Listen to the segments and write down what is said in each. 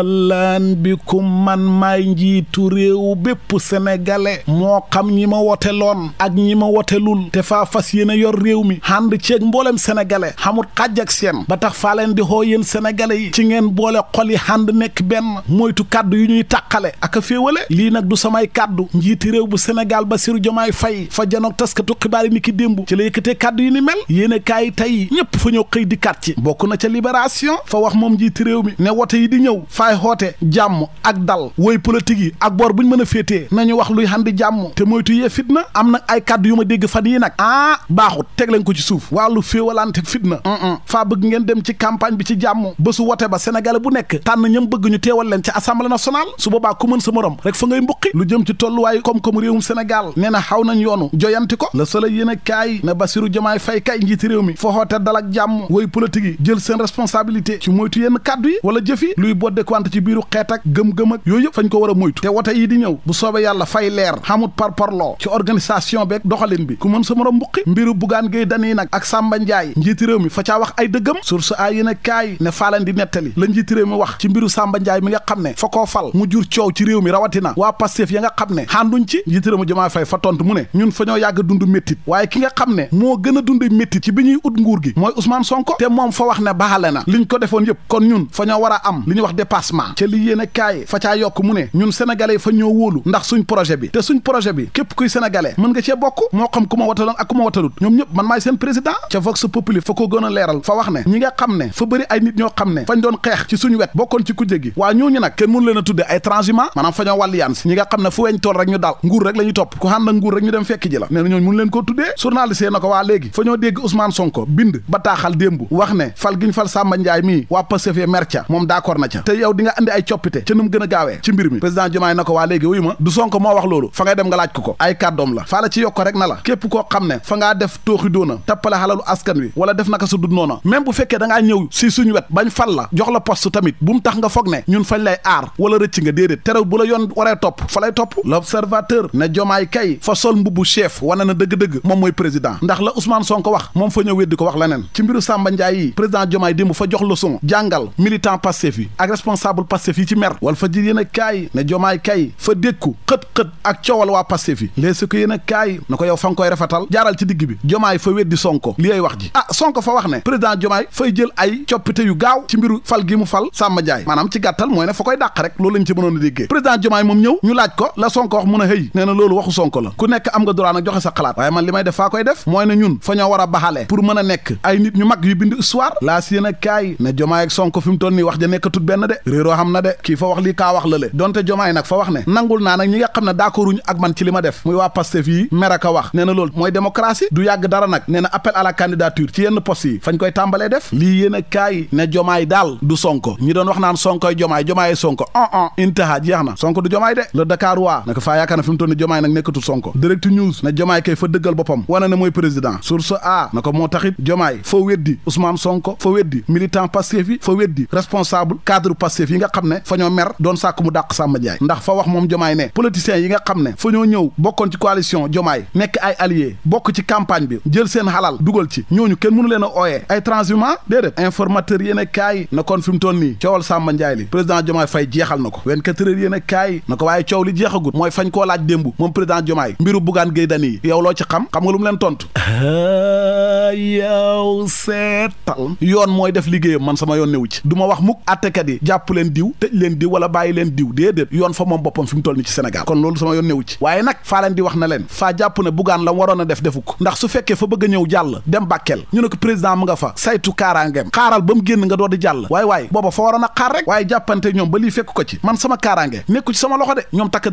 ahlan bikum man maay njiitu réew bépp senegale moo xam ñi ma wote loon ak ñi ma wotelul te faa fas yéen a yor réew mi ànd ceeg mboolem sénégalais xamut xàjj ak seen ba tax faa leen di hoo yéen sénégalais yi ci ngeen boole xol yi ànd nekk benn moytu kàddu yu ñuy tàqale ak a féewale lii nag du samay kàddu njiitu réew bu senegal ba Bassirou Diomaye fay fa janoog taskatu xibaar yi ni ki démb ci la yëkkatee kàddu yi ni mel yéene kaay yi tey ñépp fa ñëw xëy di kat ci bokk na ca libération fa moom njiiti réew mi ne wote waaye xoote jàmm ak dal woy politique yi ak boor bu ñu mën a féetee nañu wax luy xandi jàmm te moytu yee fitna am nag ay kàddu yu ma dégg fan yi nag ah baaxut teg lañ ko ci suuf wàllu féewalante fitna faa bëgg ngeen dem ci campagne bi ci jàmm bésu wote ba sénégalais bu nekk tànn ñam bëgg ñu teewal leen ci na nationale su boobaa ku mën sa morom rek fa ngay mbuqi lu jëm ci tolluwaay koom-koom réewum sénégal nee na xaw nañ yoonu joyanti ko le soleil yéen a kaay na basiru jomaay fay kay njiiti réew mi fa xoote dal ak jàmm woy politique yi jël seen responsabilité ci moytu yenn kàddu yi wala jëfi rawante ci biiru xeet ak gëm a mi fa caa wax ay dëggam a a kaay ci mbiru Samba Ndiaye mi nga xam ne fa koo fal mu jur coow ci réew mi rawatina waa Pastef ya nga xam ne xànduñ ci njiiti réew mi Diomaye Faye fa tontu mu ne ñun fa ñoo yàgg dund méttit waaye ki nga xam ne moo gën a dund méttit ci bi ñuy ut nguur gi mooy Ousmane Sonko te moom fa wax ne baaxale na liñ ko defoon yëpp kon ñun fa ñoo war am li ñu wax dépasse financement ca li yene kay fa caa yokk mu ne ñun sénégalais yi fa ñoo wóolu ndax suñ projet bi te suñ projet bi képp kuy sénégalais mën nga cee bokk moo xam ku ma wataloon ak ku ma watalut ñoom ñëpp man maay seen président ca vox populi fa ko gën a leeral fa wax ne ñi nga xam ne fa bëri ay nit ñoo xam ne fañ doon xeex ci suñ wet bokkoon ci kujje gi waa ñu nag kenn mënu leen a tudde ay transhumant maanaam fa ñoo wàlli yaan si ñi nga xam ne fu weñ tool rek ñu dal nguur rek la top topp ku xand nguur rek ñu dem fekk ji la nee na ñooñu mënu leen koo tuddee journaliste nako na ko waa léegi fa ñoo dégg Ousmane Sonko bind ba taxal dembu wax ne fal giñ fal Samba Ndiaye mii waa Pastef merca moom d'accord na ca te yow di nga andi ay coppite ca nu mu gën a gaawee ci mbir mi président Diomaye na ko waa léegi wuyu ma du Sonko moo wax loolu fa ngay dem nga laaj ko ko ay kàddoom la faa ci yokk rek na la képp koo xam ne fa ngaa def tooxi doona tappale xalalu askan wi wala def naka su dud noona même bu fekkee da ngaa ñëw si suñu wet bañ fal la jox la poste tamit bu mu tax nga foog ne ñun fañ lay aar wala rëcc nga déedéet terew bu la yoon waree topp fa lay topp l'observateur ne Diomaye kay fa sol mbubbu chef wane na dëgg-dëgg moom mooy président ndax la Ousmane Sonko wax moom fa ñëw weddi ko wax leneen ci mbiru Samba Ndiaye yi président Diomaye démb fa jox jàngal militant Pastef yi ak responsable Pastef yi ci mer wal fa jir yéen a kaay jomaay kay fa dékku xët-xët ak coowal waa Pastef yi léeg ko yéen a na ko yow fa koy rafetal jaaral ci digg bi jomaay fa weddi sonko li ay wax ji ah sonko fa wax ne président jomaay fay jël ay coppite yu gaaw ci mbiru fal gi mu fal sàmm jaay ci gàttal mooy ne fa koy dàq rek loolu lañ ci mënoon a déggee président jomaay moom ñëw ñu laaj ko la sonko wax mun a hëy nee na loolu waxu sonko la ku nekk a baxalee pour mën a nekk ay nit ñu mag réeroo xam na de kii fa wax lii kaa wax la le donte jomaay nag fa wax ne nangul naa nag ñi nga xam ne d'accorduñ ak man ci li def muy waa Pastef yi mer aka wax nee na loolu mooy démocratie du yàgg dara nag nee na appel à la ci yenn poste yi fañ koy tàmbalee def lii yéen a ne jomaay daal du sonko ñi doon wax naan sonkoy jomaay jomaay sonko ah ah intaha jeex na sonko du jomaay de le Dakar waa na fi mu toll ni jomaay ne jomaay Pastef yi nga xam ne fa ñoo mer doon sàkk mu dàq ndax fa wax moom jomaay nga xam ne fa ñoo ñëw bokkoon ci coalition jomaay nekk ay alliés bokk bi jël seen xalal dugal ci ñooñu kenn mënu leen a ooyee ay transhumants déedéet informateur a na kon fi mu toll nii coowal Samba Ndiaye li président jomaay fay jeexal na ko 24 heures na waaye coow li jeexagut mooy fañ koo laaj démb moom président jomaay mbiru Bougane Gueye Dany yow loo ci xam xam nga lu mu leen tontu ah, yow seetal yoon mooy def liggéeyam man sama yoon newu ci du ma wax mukk attekat yi jàpp jàpp leen diw tëj leen diw wala bàyyi leen diw déedéet yoon fa moom boppam fi mu toll ci Sénégal kon loolu sama yoon newu ci waaye nag faa leen di wax na leen faa jàpp ne bugaan la waroon a def defu ko ndax su fekkee fa bëgg ñëw jàll dem Bakel ñu ne ko président mu nga fa saytu kaaraangeem xaaral ba mu génn nga doon jàll waaye waaye booba fa waroon a xaar rek waaye jàppante ñoom ba lii fekk ko ci man sama kaaraange nekku ci sama loxo de ñoom takk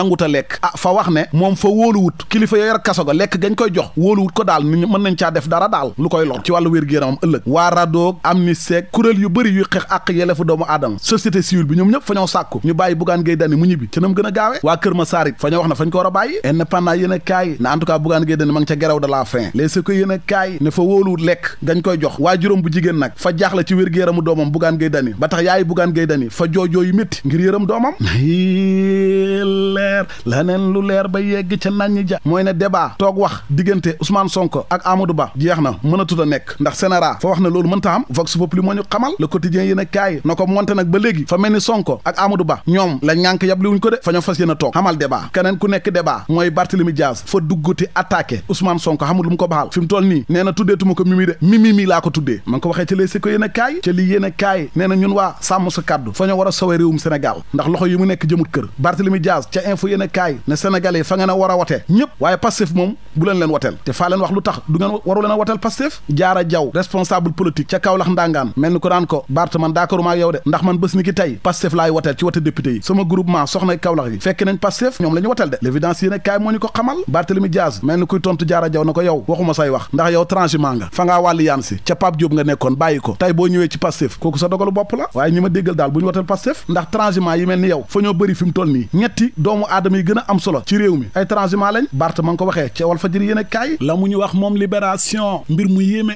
nanguta lekk ah fa wax ne moom fa wóoluwut kilifa ya yor kaso lekk gañ koy jox wóoluwut ko daal ni mën nañ caa def dara daal lu koy lor ci wàllu wér yaramam ëllëg waa radoog amnistie ak kuréel yu bëri yuy xeex àq yelefu doomu aadama société civile bi ñoom ñëpp fa ñoo sàkku ñu bàyyi Bougane Gueye Dany mu ñibbi ci nam gën a gaawee waa Kër Massar it fa ñoo wax ne fañ ko war a bàyyi indépendant yéen a na en tout cas Bougane Gueye ca grève de la a kaay leer laneen lu leer ba yegg ca nañ ja mooy ne débat toog wax diggante Ousmane Sonko ak Amadou Ba jeex na mënatut a nekk ndax sénéra fa wax na loolu mënta am vox populi moo ñu xamal le quotidien yéen a kaay na ko monte nag ba léegi fa mel ni Sonko ak Amadou Ba ñoom la ñànk yab liwuñ ko de fa ñoo fas yéen toog xamal débat keneen ku nekk débat mooy Barthélemy Diaz fa dugguti attaqué Ousmane Sonko xamul lu mu ko baxal fi mu toll nii nee na tuddeetuma ko mimi de mimi mi laa ko tuddee ma ngi ko a kaay ca lii yéen a yi mu nekk jëmut kër fu yéen a kaay ne sénégalais fa ngeen a war waaye pastef moom bu leen leen woteel te faa wax lu tax du ngeen waru leen a jaara jaw responsable politique ca kaw lax mel ni ko naan ko Bart man d'accord maa de ndax man bés ni ki tey pastef laay woteel ci wote député yi sama groupement soxna kawlax yi fekk nañ pastef ñoom la ñu de l'évidence yéen moo ñu ko xamal Barthélemy Diaz mel ni kuy tontu jaara jaw aadama yi gën a am solo ci réew mi ay transhumants lañ Bart ma ngi ko waxee ca fa yéen a kaay la mu ñu wax moom libération mbir mu yéeme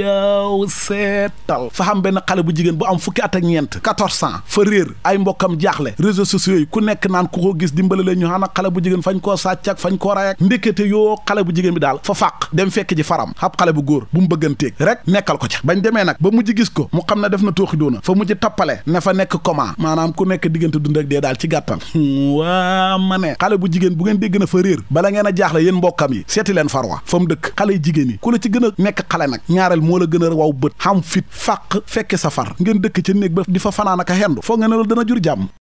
yow seetal fa xam benn xale bu jigéen bu am fukki at ak ñeent quatorze fa réer ay mbokkam jaaxle réseaux sociaux yi ku nekk naan ku ko gis dimbale leen ñu xanaa xale bu jigéen fañ koo sàcc ak fañ koo ray ak ndekete yoo xale bu jigéen bi daal fa fàq dem fekk ji faram xab xale bu góor bu mu bëgganteeg rek nekkal ko ca bañ demee nag ba mujj gis ko mu xam ne def na tooxi doona fa mujj tappale ne fa nekk comment maanaam ku nekk diggante dund ak daal ci gàttal ndeysaan waa ma ne xale bu jigéen bu ngeen degg na fa réer bala ngeen a jaaxle yéen mbokkam yi seeti leen wa fa mu dëkk xale jigéen yi ku la ci gën a nekk xale nag ñaareel moo la gën waw bët xam fit fàq fekke sa far ngeen dëkk ca néeg ba di fa fanaan ak a xendu foo nga ne loolu dana jur jàmm